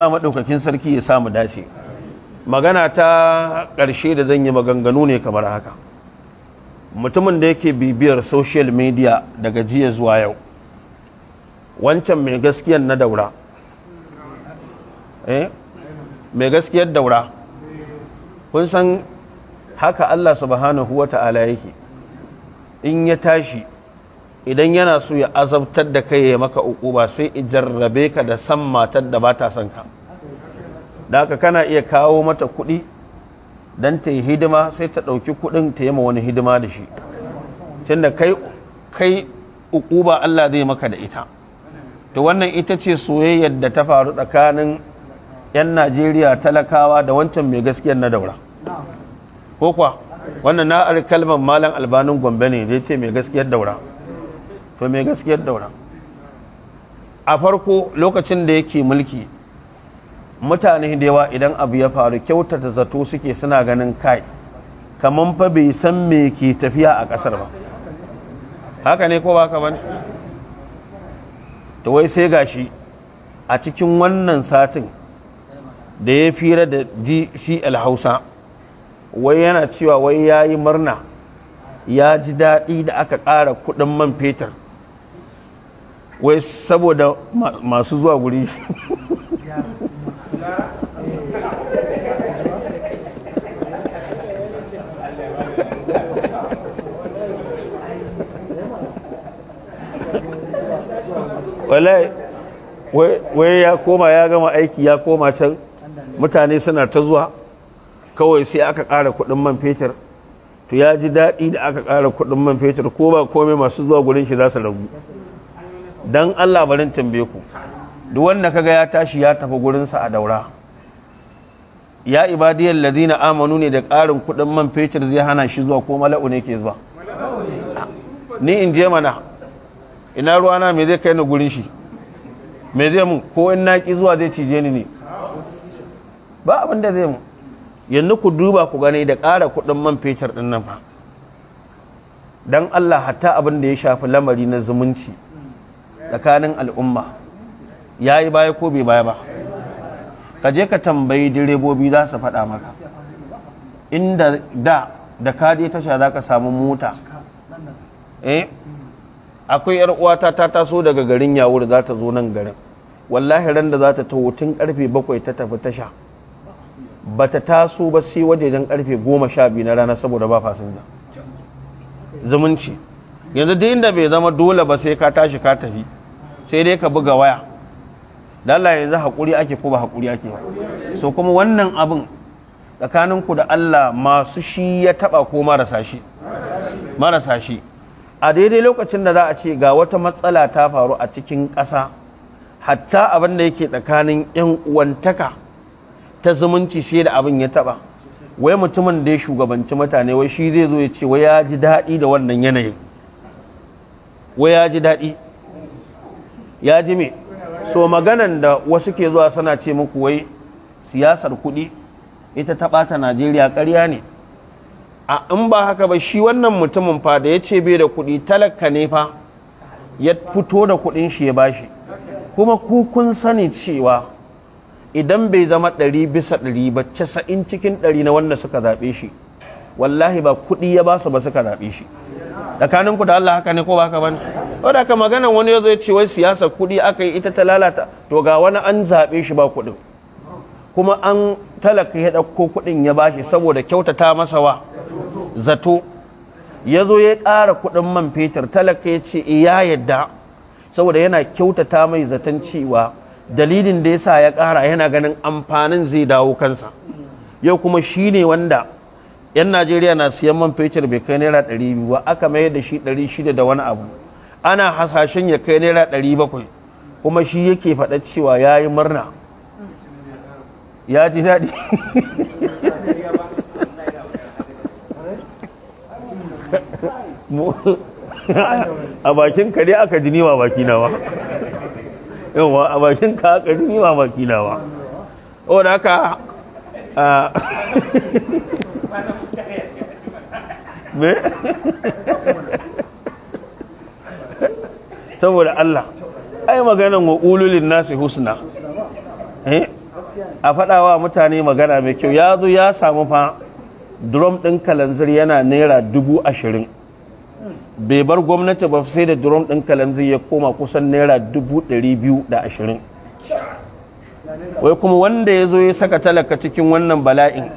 maɗaukakin sarki ya samu dace magana ta ƙarshe da zan yi maganganu ne kamar haka mutumin da yake bibiyar social media daga jiya zuwa yau wancan mai gaskiyar na daura eh mai gaskiyar daura kun san haka Allah subhanahu wa ta'ala yake in ya tashi idan yana so ya azabtar da kai ya maka ukuba, sai jarrabe ka da san matar da ba ta son ka da haka kana iya kawo mata kuɗi don ta yi hidima sai ta ɗauki kuɗin ta yi ma wani hidima da shi tunda kai kai ba Allah zai maka da ita to wannan ita ce soyayyar da ta faru tsakanin 'yan Najeriya talakawa da wancan mai gaskiyar na daura ko kuwa wannan na kalmar malam albanin gombe ne da ce mai gaskiyar daura to mai gaskiyar daura a farko lokacin da yake mulki mutane da yawa idan abu ya faru kyautata zato suke suna ganin kai kamar fa bai san me ke tafiya a ƙasar ba haka ne ko ba ka bane to wai sai gashi a cikin wannan satin da ya fira da GCL Hausa wai yana cewa wai yayi murna ya ji daɗi da aka ƙara kuɗin man fetur wai saboda masu zuwa guri wai ya koma ya gama aiki ya koma can mutane suna ta zuwa kawai sai aka ƙara kuɗin man fetur to ya ji daɗi da aka ƙara kuɗin man fetur ko ba komai masu zuwa gurin shi za su ragu Don Allah barin tambaye ku duk wanda kaga ya tashi ya tafi gurinsa a daura ya ibadiyar ladina amanu ne da ƙarin kuɗin man fetur zai hana shi zuwa ko mala'u ne ke zuwa ni in je mana ina ruwana me zai kai ni gurin shi me zai mun ko in na ki zuwa zai cije ni ne ba abin da zai mu yanzu ku duba ku gani da ƙara kuɗin man fetur din nan ba don Allah hatta abin da ya shafi lamari na zumunci tsakanin al'umma ya yi baya ko bai baya ba ka je ka tambayi direbobi za su faɗa maka inda da da ka je tasha za ka samu mota eh akwai yar uwata ta taso daga garin yawur za ta zo nan garin wallahi ran da za ta taho tun karfe bakwai ta tafi tasha ba ta taso ba sai wajejen karfe goma sha biyu na rana saboda ba fasinja zumunci yanzu duk inda bai zama dole ba sai ka tashi ka tafi sai dai ka buga waya Allah yanzu haƙuri ake ko ba haƙuri ake so kuma wannan abin tsakaninku da Allah masu shi ya taɓa ko marasa shi marasa shi a daidai lokacin da za a ce ga wata matsala ta faru a cikin ƙasa hatta abin da yake tsakanin 'yan uwantaka ta zumunci sai da abin ya taba wai mutumin da ya shugabanci mutane wai shi zai zo ya ce wai ya ji daɗi da wannan yanayin wai ya ji daɗi ya ji me so maganan da wasu ke zuwa sana ce muku wai siyasar kuɗi ita ta ɓata najeriya karya ne a in ba haka ba shi wannan mutumin fa da ya ce bai da kuɗi talaka ne fa ya fito da kuɗin shi ya ba shi. kuma ku kun sani cewa idan bai zama ɗari bisa ɗari ba casa'in cikin ɗari na wanda suka zaɓe shi wallahi ba kuɗi ya ba su ba suka zaɓe shi tsakaninku da Allah haka ne ko ba haka bane ko ka maganan wani ya ya ce wai siyasar kuɗi aka yi ita ta lalata to ga wani an zaɓe shi ba kuɗin kuma an talaka ya ɗauko kuɗin ya bashi saboda kyautata masa wa zato ya zo ya ƙara kuɗin man fetur talaka ya ce eh, ya yadda saboda yana kyautata mai zaton cewa dalilin da ya sa ya ƙara yana ganin amfanin zai dawo kansa yau kuma shi ne wanda 'yan najeriya na siyan man fetur bai kai naira 200 ba aka mayar da shi 600 da wani abu ana hasashen ya kai naira 700 kuma shi yake faɗa cewa ya yi murna ya ji daɗi a bakin ka dai aka ji nima baki nawa yawa a bakin ka aka ji nima baki nawa o da haka me saboda Allah ai maganan wa ululin nasi husna eh? a faɗawa mutane magana mai kyau ya zo ya samu fa drum ɗin kalanzir yana naira dubu ashirin bai bar gwamnati ba sai da drum ɗin kalanzir ya koma kusan naira dubu ɗari biyu da ashirin wai kuma wanda ya zo ya saka talaka cikin wannan bala'in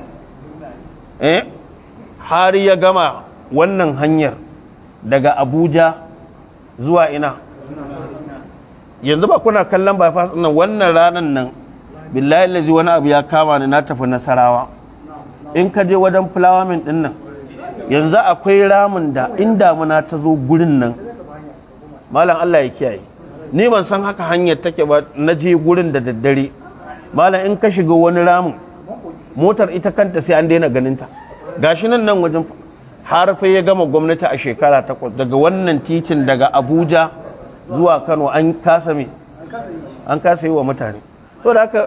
eh har ya gama wannan hanyar daga abuja zuwa ina yanzu ba kuna kallon bypass nan wannan ranar nan billahi lazi wani abu ya kama ni na tafi nasarawa in ka je wajen fulawa min din nan yanzu akwai ramin da in damuna ta zo gurin nan malam allah ya kiyaye ni ban san haka hanyar take ba na je gurin da daddare malam in ka shiga wani ramin motar ita kanta sai an daina ganinta gashi nan nan wajen har fa ya gama gwamnati a shekara takwas daga wannan titin daga abuja zuwa kano an kasa me an kasa yi wa mutane so da haka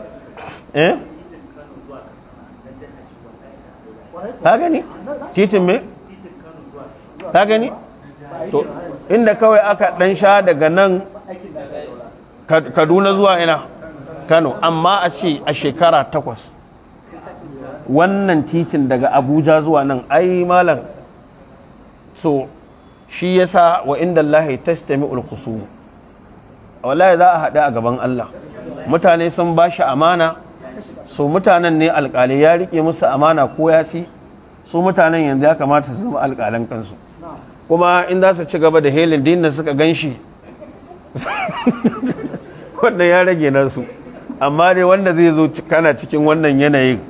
eh ta gani titin me ta gani to inda kawai aka dan sha daga nan kaduna zuwa ina kano amma a ce a shekara takwas wannan titin daga abuja zuwa nan ai malam so shi ya sa wa inda Allah tastami'ul ulkusu wallahi za a haɗu a gaban Allah mutane sun ba shi amana so mutanen ne alƙalai ya riƙe musu amana ko ya ci su mutanen yanzu ya kamata su zama alƙalan kansu kuma in za su ci gaba da helin dina suka gan shi wannan ya rage nasu amma dai wanda zai zo kana cikin wannan yanayin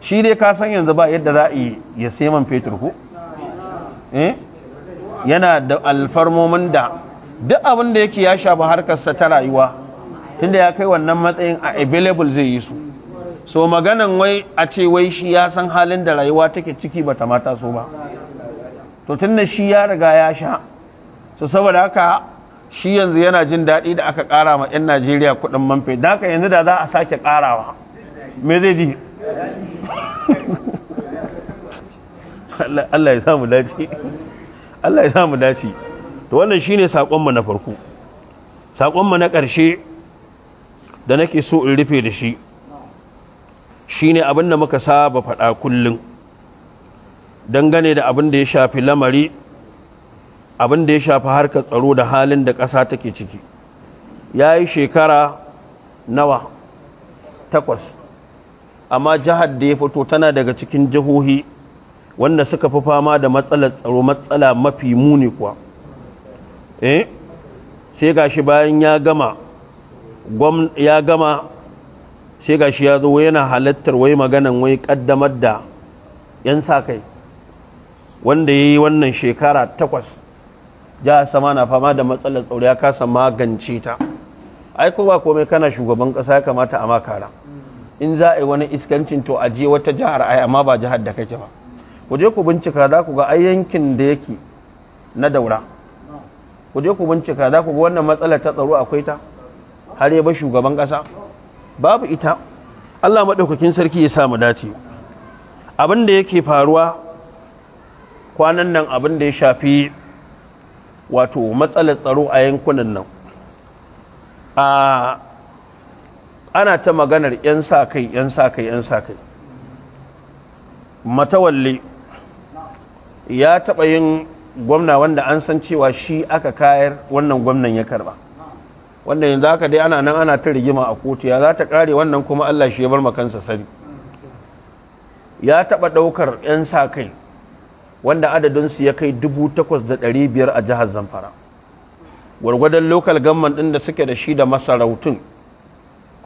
shi dai ka san yanzu ba yadda za a yi ya sai man fetur ko Eh? yana da alfarmomin da duk abin da yake ya shafi harkarsa ta rayuwa tunda ya kai wannan matsayin a available zai yi su so maganan wai a ce wai shi ya san halin da rayuwa take ciki bata mata so ba to tunda shi ya riga ya sha so saboda haka shi yanzu yana jin daɗi da aka ƙara ma 'yan najeriya kuɗin manfe da haka yanzu da za a sake ƙarawa me zai ji Allah ya samu dace Allah ya samu dace to wannan shine sakon mu na farko sakon mu na ƙarshe da nake so in rufe da shi shine abin da muka saba faɗa kullum dangane da abin da ya shafi lamari abin da ya shafi harkar tsaro da halin da ƙasa take ciki ya yi shekara nawa takwas amma jihar da ya fito tana daga cikin jihohi wanda suka fi fama da matsalar tsaro matsala mafi muni kuwa eh sai gashi bayan ya gama ya gama sai gashi ya zo yana halattar wai maganan wai kaddamar da 'yan sa kai wanda ya yi wannan shekara takwas a sama na fama da matsalar tsaro ya kasa magance ta ai ko ba komai kana shugaban kasa ya kamata a makara in za a yi wani iskancin to je wata jihar ai amma ba jihar da kake ba ku je ku bincika za ku ga ai yankin da yake na daura ku je ku bincika za ku ga wannan matsalar ta tsaro akwai ta har ya ba shugaban ƙasa babu ita Allah maɗaukakin sarki ya samu dace abin da yake faruwa kwanan nan abin da ya shafi wato matsalar tsaro a yankunan nan a ana ta maganar 'yan sa kai 'yan sa kai 'yan sa kai matawalle ya taɓa yin gwamna wanda an san cewa shi aka kayar wannan gwamnan ya karba wanda yanzu haka dai ana nan ana ta rigima a kotu ya za ta kare wannan kuma Allah shi ya bar makansa sani ya taɓa ɗaukar 'yan sa kai wanda adadinsu ya kai biyar a jihar zamfara gwargwadon lokal gamman ɗin da suke da shi da masarautun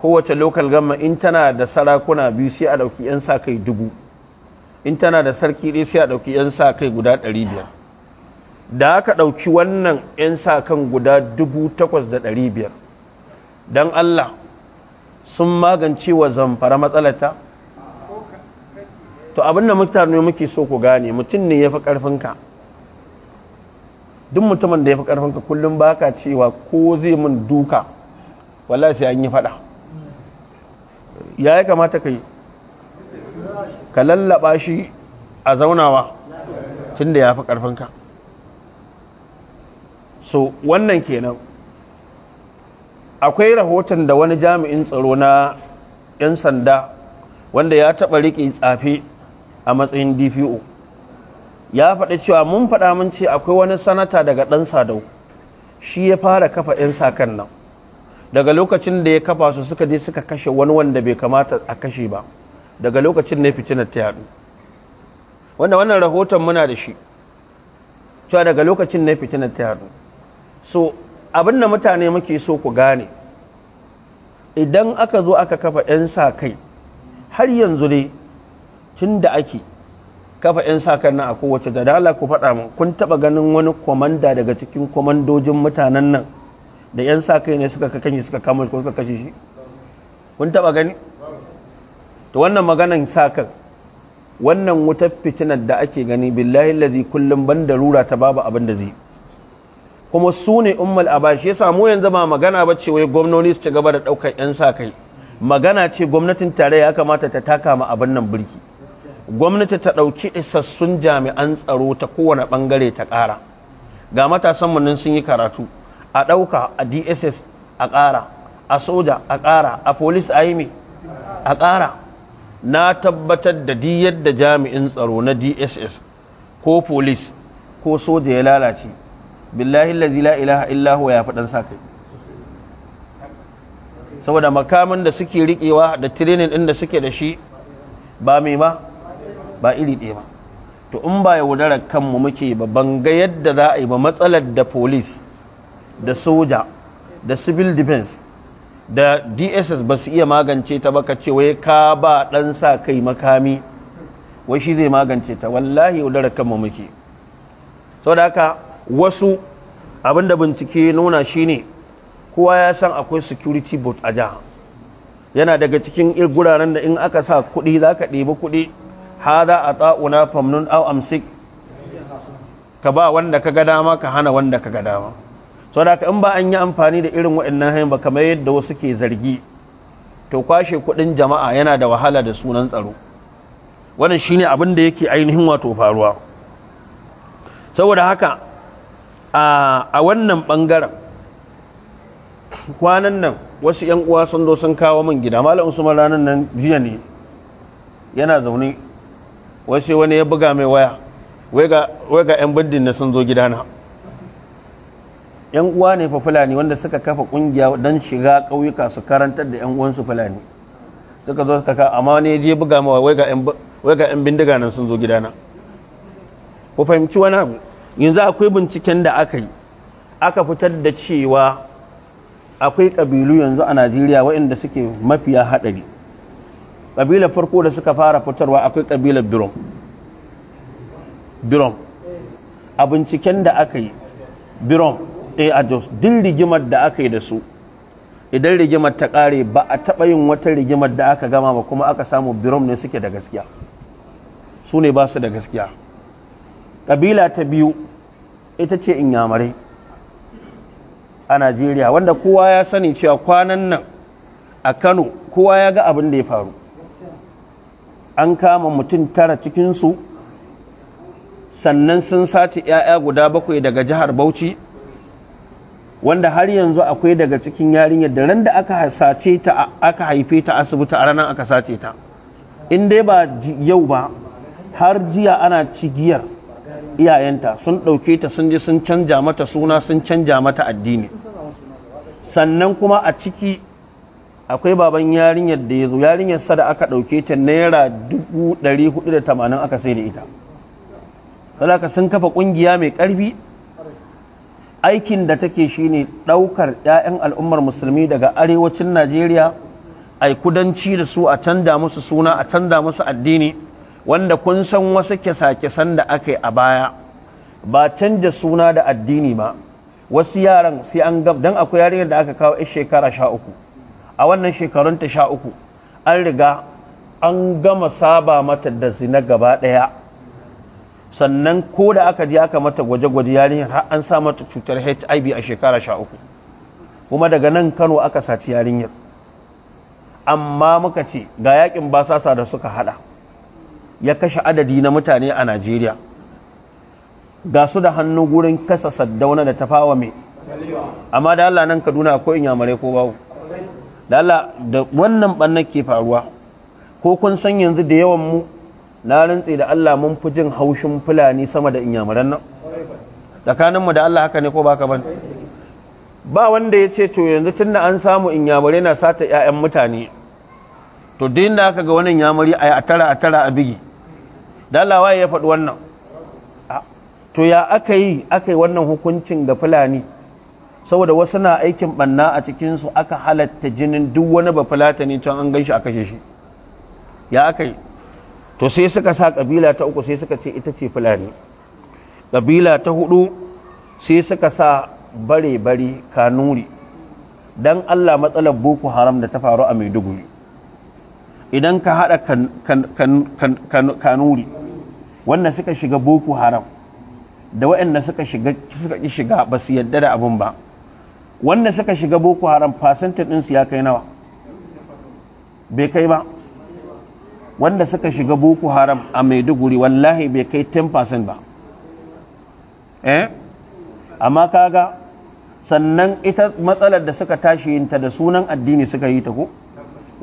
kowace lokal gamman in tana da sarakuna biyu sai a ɗauki 'yan sa kai dubu in tana da sarki dai sai a ɗauki 'yan sa kai guda 500 da aka ɗauki wannan 'yan sa kan guda 8,500 don Allah sun magance wa zamfara matsalata to abinda da ne muke so ku gane mutum ne ya fi ƙarfinka duk mutumin da ya fi ƙarfinka kullum baka cewa ko zai min duka wala sai an yi faɗa ya yi kamata ka yi ka lallaba shi a zaunawa tun da ya fi ƙarfinka so wannan kenan akwai rahoton da wani jami'in tsaro na 'yan sanda wanda ya taɓa riƙe tsafi a matsayin dpo ya faɗi cewa mun faɗa mun ce akwai wani sanata daga ɗan sadau shi ya fara kafa 'yan sakan nan daga lokacin da ya kafa su suka je suka kashe wani wanda bai kamata a kashe ba daga lokacin ne fitinar ta yadu wanda wannan rahoton muna da shi cewa daga lokacin ne fitinar ta yadu so abin da mutane muke so ku gane idan aka zo aka kafa 'yan sa kai har yanzu ne tun da ake kafa 'yan sa kan nan a kowace gadala ku faɗa min kun taɓa ganin wani kwamanda daga cikin komandojin mutanen nan da 'yan sa kai ne suka kakanyi suka kama suka kashe shi kun taɓa gani to wannan maganan sa kan wannan wutar fitinar da ake gani billahi lazi kullum ban da rura ta babu abin da zai kuma su ne ummal abashi ya samu yanzu ba magana ba ce wai gwamnoni su ci gaba da ɗaukar 'yan sa kai magana ce gwamnatin tarayya ya kamata ta taka ma abin nan birki gwamnati ta ɗauki isassun jami'an tsaro ta kowane bangare ta kara ga matasan nan sun yi karatu a ɗauka a dss a ƙara a soja a ƙara a polis a yi a ƙara na tabbatar da di yadda jami'in tsaro na dss ko polis ko soja ya lalace billahi lazi la ilaha illahu ya faɗan sa kai saboda makamin da suke riƙewa da tirenin ɗin da suke da shi ba mai ba ba iri ɗaya ba to in ba yaudarar kanmu muke ba ban ga yadda za a yi ba matsalar da polis da soja da civil defense da dss ba su iya magance ta baka ce wai ka ba ɗan sa kai makami wai shi zai magance ta wallahi kan mu muke sau da haka wasu abinda bincike nuna shine kowa ya san akwai security board a jiha yana daga cikin guraren da in aka sa kuɗi za ka ɗebi kuɗi hada a ta'una famnun au amsik ka ba wanda ka ga dama ka hana wanda ka ga dama saboda in ba an yi amfani da irin waɗannan hanyar ba kamar yadda wasu ke zargi to kwashe kuɗin jama'a yana da wahala da sunan tsaro wannan shine abin da yake ainihin wato faruwa saboda haka a wannan bangaren kwanan nan wasu yan uwa sun zo sun kawo min gida malam su ranar nan jiya ne yana zaune wasu wani ya buga mai waya wai ga yan bindin na sun zo gidana yan uwa ne fa fulani wanda suka kafa kungiya don shiga kauyuka su karantar da yan uwansu fulani suka zo suka ka amma ne je buga mawa wai ga yan bindiga nan sun zo gidana ku fahimci wani abu yanzu akwai binciken da aka yi aka fitar da cewa akwai kabilu yanzu a najeriya waɗanda suke mafiya haɗari ƙabilar farko da suka fara fitarwa akwai ƙabilar birom birom a binciken da aka yi birom ɗaya eh, a jos duk rigimar da aka yi da su idan rigimar ta ƙare ba a taɓa yin wata rigimar da aka gama ba kuma aka samu birom ne suke da gaskiya su ne ba su da gaskiya ƙabila ta biyu ita ce inyamurai a najeriya wanda kowa ya sani cewa kwanan nan a kano kowa ya ga abin da ya faru an kama mutum tara cikinsu sannan sun sace 'ya'ya guda bakwai daga jihar bauchi wanda har yanzu akwai daga cikin yarinyar da ran da aka sace aka haife ta asibiti a ranar aka sace ta in dai ba yau ba har jiya ana cigiyar iyayenta sun ɗauke ta sun je sun canja mata suna sun canja mata addini sannan kuma a ciki akwai baban yarinyar da ya zo sa da aka ɗauke ta naira 480 aka sai da ita. Saboda sun kafa ƙungiya mai ƙarfi aikin da take shine ɗaukar 'ya'yan al'ummar musulmi daga arewacin najeriya a kudanci da su a canza musu suna a canza musu addini wanda kun san wasu kyasa-kyasan da aka yi a baya ba canja suna da addini ba wasu yaran sai an gab don akwai yarinyar da aka kawo 'yan shekara sha uku a wannan shekarun ta sha uku an riga an gama saba mata da zina gaba ɗaya sannan ko da aka je aka mata gwaje-gwaje yarinyar har an sa mata cutar HIV a shekara sha uku kuma daga nan Kano aka saci yarinyar amma muka ce ga yakin basasa da suka hada ya kashe adadi na mutane a Najeriya ga su da hannu gurin kasa saddauna da tafawa mai amma da Allah nan Kaduna ko inyamurai ko bawo da Allah da wannan bannan ke faruwa ko kun san yanzu da yawan mu na rantse da Allah mun fi jin haushin fulani sama da inyamuran nan tsakaninmu da Allah haka ne ko ka ban ba wanda ya ce to yanzu tunda an samu inyamurai na sata 'ya'yan mutane to din da aka ga wani inyamuri a tara a tara a bigi dalawa ya faɗi wannan to ya aka yi aka yi wannan hukuncin ga fulani saboda wasu na aikin banna a cikinsu aka halatta jinin duk wani ba fulata ne can an gan shi a kashe shi ya aka yi to sai suka sa kabila ta uku sai suka ce ita ce fulani kabila ta hudu sai suka sa bare-bare kanuri don allah matsalar boko haram da ta faru a maiduguri idan ka haɗa kanuri wanda suka shiga boko haram da waɗanda suka shiga shiga ba su yadda da abin ba wanda suka shiga boko haram fasantin ɗinsu ya kai nawa bai kai ba wanda suka shiga boko haram a maiduguri wallahi bai kai 10% ba eh amma kaga sannan ita matsalar da suka tashi yinta da sunan addini suka yi ta ko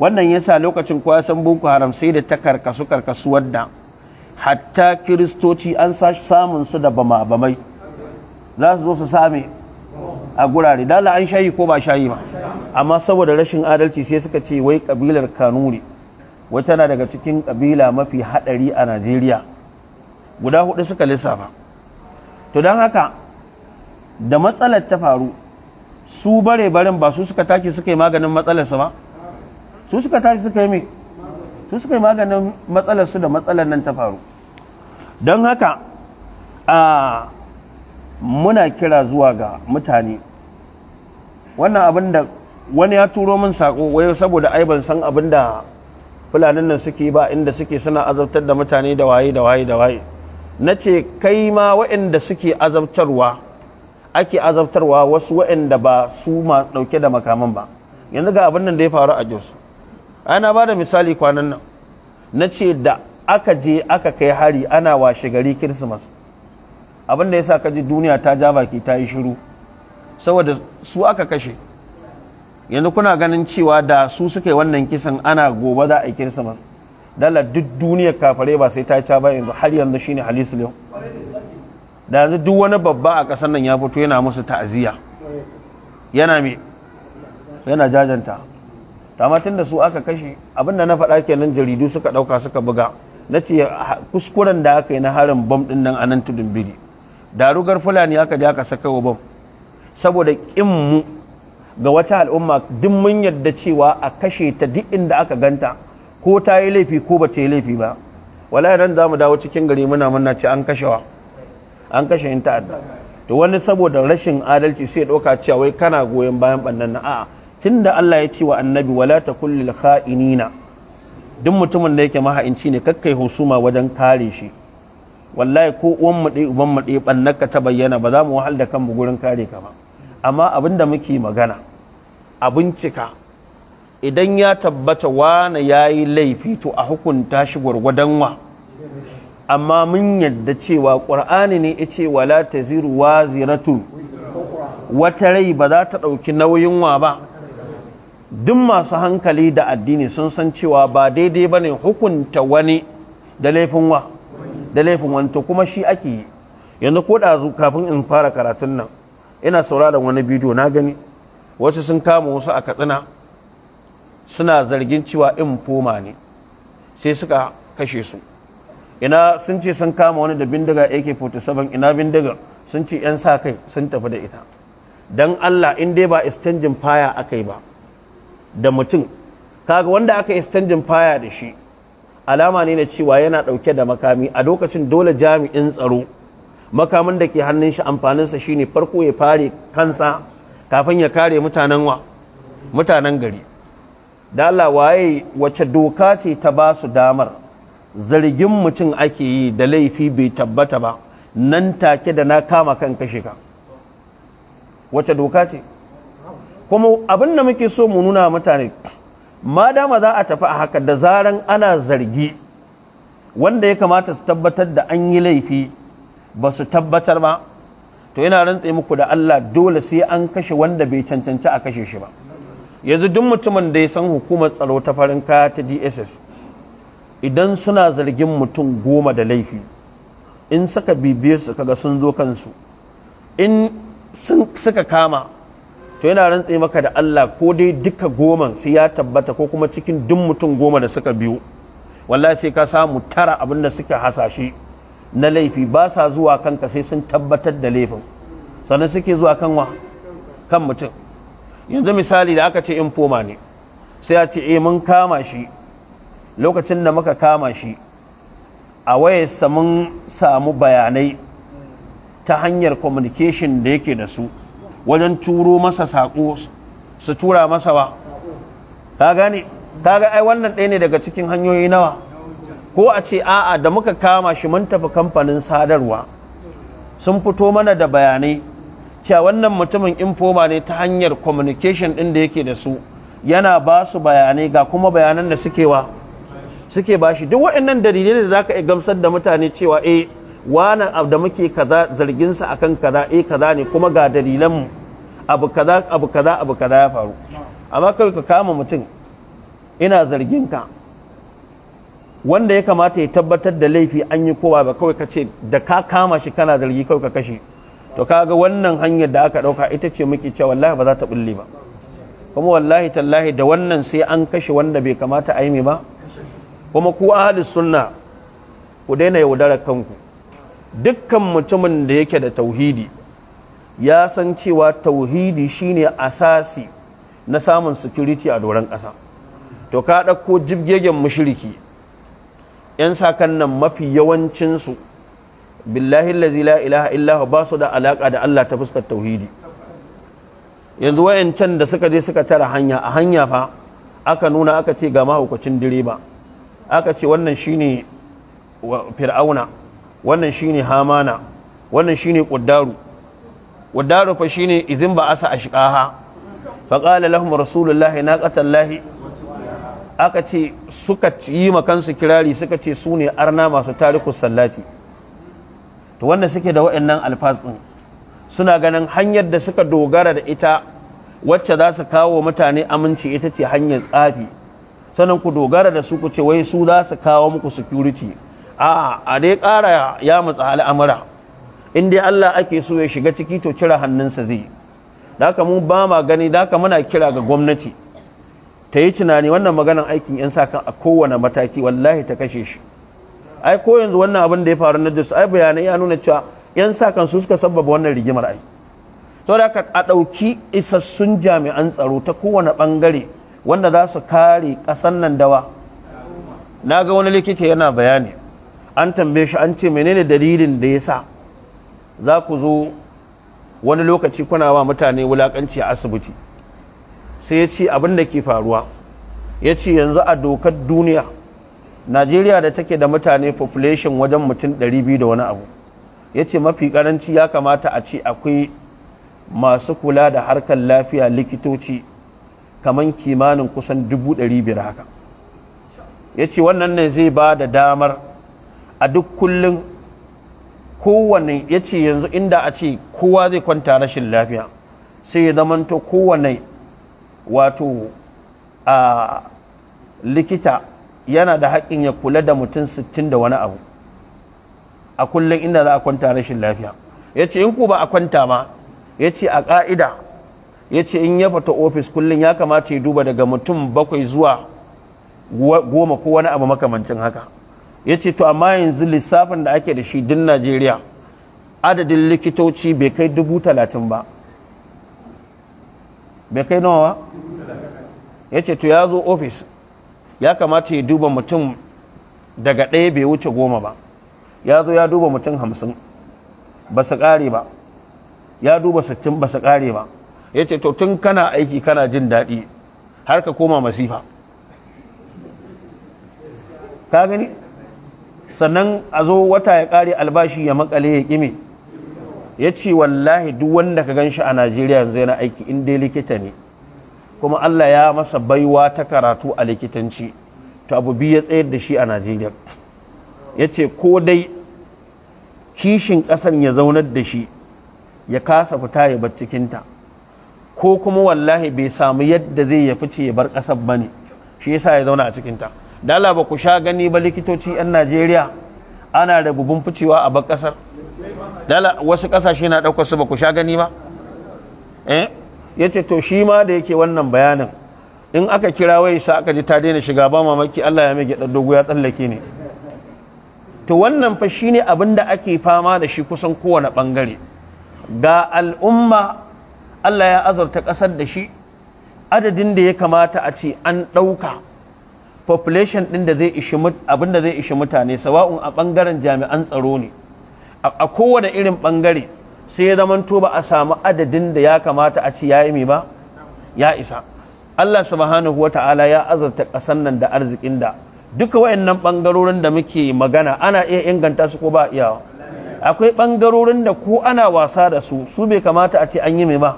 wannan yasa lokacin ya san boko haram sai da ta karkasu karkasu da hatta kiristoci an samun su da bama bamai za su zo su same a gurare dala an shayi ko ba shayi ba amma saboda rashin adalci sai suka ce wai kabilar kanuri wata na daga cikin ƙabila mafi haɗari a najeriya guda hudu suka lissafa to don haka da matsalar ta faru su bare barin ba su suka tashi suka yi maganin matsalar su ba su suka tashi suka yi mai su suka yi maganin matsalar su da matsalar nan ta faru don haka a muna kira zuwa ga mutane wannan abin da wani ya turo min saƙo wai saboda ai ban san abin da fulanin nan suke ba inda suke suna azabtar da mutane da waye da waye da waye na ce kai ma waɗanda suke azabtarwa ake azabtarwa wasu waɗanda ba su ma ɗauke da makaman ba yanzu ga abin nan da ya faru a jos ana ba da misali kwanan nan na ce da aka je aka kai hari ana washe gari kirismas. abin da ya sa ka ji duniya ta ja baki ta yi shiru saboda su aka kashe yanzu kuna ganin cewa da su suka yi wannan kisan ana gobe za a yi kirsimas dala duk duniyar kafare ba sai ta ca ba yanzu har yanzu shine halisu ne da yanzu duk wani babba a ƙasar nan ya fito yana musu ta'aziyya yana me yana jajanta amma tun da su aka kashe abin da na faɗa kenan jaridu suka ɗauka suka buga na ce kuskuren da aka yi na harin bom ɗin nan a nan tudun biri da rugar fulani aka je aka saka wa bom saboda ƙin mu ga wata al'umma duk mun yadda cewa a kashe ta duk inda aka ganta ko ta yi laifi ko ba ta yi laifi ba wala nan za mu dawo cikin gari muna muna ce an kashewa an kashe yin ta'adda to wani saboda rashin adalci sai ɗauka cewa wai kana goyon bayan ɓannan na a'a tunda Allah ya ce wa annabi wala ta kullil kha'inina duk mutumin da yake maha'inci ne kakkai husuma wajen kare shi wallahi ko uwan mu dai uban mu ɗaya ta bayyana ba za mu wahal da kanmu gurin kare ka ba amma abin da muke magana a bincika idan ya tabbata wane ya yi laifi to a hukunta shi gwargwadon wa amma mun yadda cewa ƙwar'ani ne ya ce wala ta ziru wa ziratu wata rai ba za ta ɗauki nauyin wa ba duk masu hankali da addini sun san cewa ba daidai ba ne hukunta wani da laifin wa da laifin wani kuma shi ake yi yanzu ko ɗazu kafin in fara karatun nan ina sauraron wani bidiyo na gani wasu sun kama wasu a katsina suna zargin cewa in foma ne sai suka kashe su ina sun ce sun kama wani da bindiga ak-47 ina bindiga sun ce 'yan sa kai sun tafi da ita don allah in dai ba istanjin faya aka yi ba da mutum kaga wanda aka istanjin faya da shi alama ne na cewa yana dauke da makami a lokacin dole jami'in tsaro makamin da ke hannun shi amfaninsa shine farko ya fare kansa kafin ya kare mutanen wa mutanen gari da Allah waye wace doka ce ta ba su damar zargin mutum ake yi da laifi bai tabbata ba nan take da na kama kan kashe ka wace doka ce kuma abin da muke so mu nuna mutane ma dama za a tafi a haka da zaran ana zargi wanda ya kamata su tabbatar da an yi laifi ba su tabbatar ba to yana rantse muku da Allah dole sai an kashe wanda bai cancanci a kashe shi ba yanzu duk mutumin da ya san hukumar tsaro ta farin kaya ta DSS idan suna zargin mutum goma da laifi in suka bibiye su kaga sun zo kansu in sun suka kama to yana rantse maka da Allah ko dai duka goman sai ya tabbata ko kuma cikin duk mutum goma da suka biyu wallahi sai ka samu tara abin da suka hasashe na laifi ba sa zuwa kanka sai sun tabbatar da laifin sannan suke zuwa kan wa kan mutum yanzu misali da aka ce infoma ne sai a ce eh mun kama shi lokacin da muka kama shi a wayarsa mun samu bayanai ta hanyar communication da yake da su wajen turo masa saƙo su tura masa ba ka gane ka ga ai wannan ɗaya ne daga cikin hanyoyi nawa ko a ce a'a da muka kama shi mun tafi kamfanin sadarwa sun fito mana da bayanai cewa wannan mutumin infoma ne ta hanyar communication ɗin da yake da su yana ba su bayanai ga kuma bayanan da suke wa suke ba shi duk waɗannan dalilai da za ka iya gamsar da mutane cewa eh wani da muke kaza zarginsa akan kaza eh kaza ne kuma ga dalilan abu kaza abu kaza abu kaza ya faru amma kai ka kama mutum ina zargin ka wanda ya kamata ya tabbatar da laifi an yi kowa ba kawai ka ce da ka kama shi kana zargi kawai ka kashe to kaga wannan hanyar da aka dauka ita ce muke cewa wallahi ba za ta bulle ba kuma wallahi tallahi da wannan sai an kashe wanda bai kamata a yi mai ba kuma ku ahli sunna ku daina yaudara kanku dukkan mutumin da yake da tauhidi ya san cewa tauhidi shine asasi na samun security a doron kasa to ka dauko jibgegen mushriki 'yan sakan nan mafi yawancinsu billahi lazi la ilaha illahu ba su da alaƙa da Allah ta fuskar tauhidi yanzu wayancan da suka je suka tara hanya a hanya fa aka nuna aka ce ga mahaukacin direba aka ce wannan shine fir'auna wannan shine hamana wannan shine quddaru quddaru fa shine izin ba asa ashqaha fa qala lahum rasulullahi naqatallahi aka ce suka yi makansu kirari suka ce su ne arna masu tariku sallati to wanda suke da waɗannan alfas ɗin suna ganin hanyar da suka dogara da ita wacce za su kawo mutane aminci ita ce hanyar tsafi sannan ku dogara da su ku ce wai su za su kawo muku security a'a a dai kara ya matsa al'amura in dai Allah ake so ya shiga ciki to cire hannunsa zai daka haka mu ba ma gani daka muna kira ga gwamnati ta yi tunani wannan maganan aikin 'yan sa kan a kowane mataki wallahi ta kashe shi ai ko yanzu wannan abin da ya faru na jisu ai bayanai ya nuna cewa 'yan sa kan su suka sabbaba wannan rigimar ai da haka a ɗauki isassun jami'an tsaro ta kowane bangare wanda za su kare kasan nan dawa na ga wani likita yana bayani an tambaye shi an ce menene dalilin da ya sa za ku zo wani lokaci kuna wa mutane wulakanci a asibiti sai ya ce abin da ke faruwa ya ce yanzu a dokar duniya najeriya da take da mutane population wajen mutum 200 da wani abu ya ce mafi karanci ya kamata a ce akwai masu kula da harkar lafiya likitoci kamar kimanin kusan 500 haka ya ce wannan ne zai ba da damar a duk kullum kowane ya ce yanzu inda a ce kowa zai kwanta rashin lafiya sai ya zamanta kowane wato a likita yana da haƙƙin ya kula da mutum sittin da wani abu a kullum inda za a kwanta rashin lafiya ya ce in ku ba a kwanta ma ya ce a ƙa'ida ya ce in ya fita ofis kullum ya kamata ya duba daga mutum bakwai zuwa goma ko wani abu makamancin haka ya ce to amma yanzu lissafin da ake da shi din najeriya adadin likitoci bai kai dubu talatin ba bai kai nawa ya ce to ya zo ofis ya kamata ya duba mutum daga ɗaya bai wuce goma ba ya zo ya duba mutum hamsin ba su ƙare ba ya duba sittin ba su ƙare ba ya ce to tun kana aiki kana jin daɗi har ka koma masifa ka gani sannan a zo wata ya ƙare albashi ya makale ya ƙime ya ce wallahi duk wanda ka gan shi a najeriya yanzu yana aiki in dai likita ne kuma allah ya masa baiwa ta karatu a likitanci to abu biyu ya tsayar da shi a najeriya ya ce ko dai kishin ƙasan ya zaunar da shi ya kasa fita ya bar cikinta ko kuma wallahi bai samu yadda zai ya fice ya bar ƙasar ba ne shi yasa ya zauna a cikinta dala ba ku sha gani ba likitoci 'yan najeriya ana da bubun ficewa a bar ƙasar dala wasu kasashe na ɗaukar su ba ku sha gani ba eh ya to shi ma da yake wannan bayanin in aka kira wai sa aka ji ta daina shiga ba mamaki Allah ya mai gyaɗa dogo ya tsallake ne to wannan fa shine abin da ake fama da shi kusan kowane ɓangare ga al'umma Allah ya azurta ƙasar da shi adadin da ya kamata a ce an ɗauka population ɗin da zai ishi abin da zai ishi mutane sawa'un a ɓangaren jami'an tsaro ne a kowane irin bangare sai ya zamanto ba a samu adadin da ya kamata a ci ya mai ba ya isa Allah subhanahu wata'ala ya azarta ƙasan nan da arzikin da duka wayannan bangarorin da muke magana ana iya inganta su ko ba iyawa akwai bangarorin da ko ana wasa da su su bai kamata a ce an yi mai ba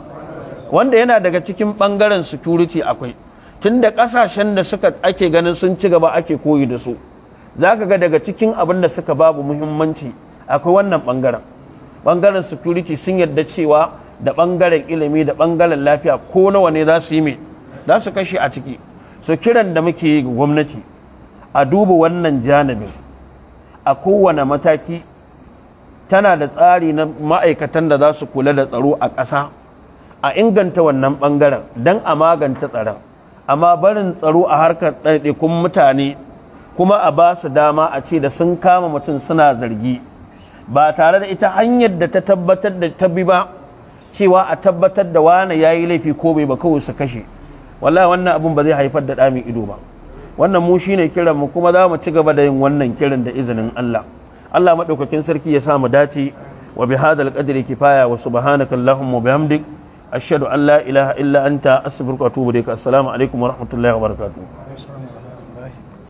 wanda yana daga cikin bangaren security akwai tun da kasashen da suka ake ganin sun ci gaba ake koyi da su zaka ga daga cikin abin da suka babu muhimmanci akwai wannan bangaren bangaren security sun yadda cewa da bangaren ilimi da bangaren lafiya ko nawa ne za su yi mai za su kashe a ciki su kiran da muke yi ga gwamnati a duba wannan janibin a kowane mataki tana da tsari na ma'aikatan da za su kula da tsaro a ƙasa a inganta wannan bangaren don a maganta tsaron amma barin tsaro a harkar ɗaiɗaikun mutane kuma a ba su dama a ce da sun kama mutum suna zargi ba tare da ita hanyar da ta tabbatar da ta bi ba cewa a tabbatar da wana ya yi laifi ko bai ba kawai su kashe wallahi wannan abun ba zai haifar da ɗamin ido ba wannan mu shine kiran mu kuma za mu ci gaba da yin wannan kiran da izinin Allah Allah madaukakin sarki ya sa mu dace wa bihadal qadri kifaya wa subhanaka allahumma bihamdik ashhadu an la ilaha illa anta astaghfiruka wa atubu ilaik assalamu alaikum wa rahmatullahi wa barakatuh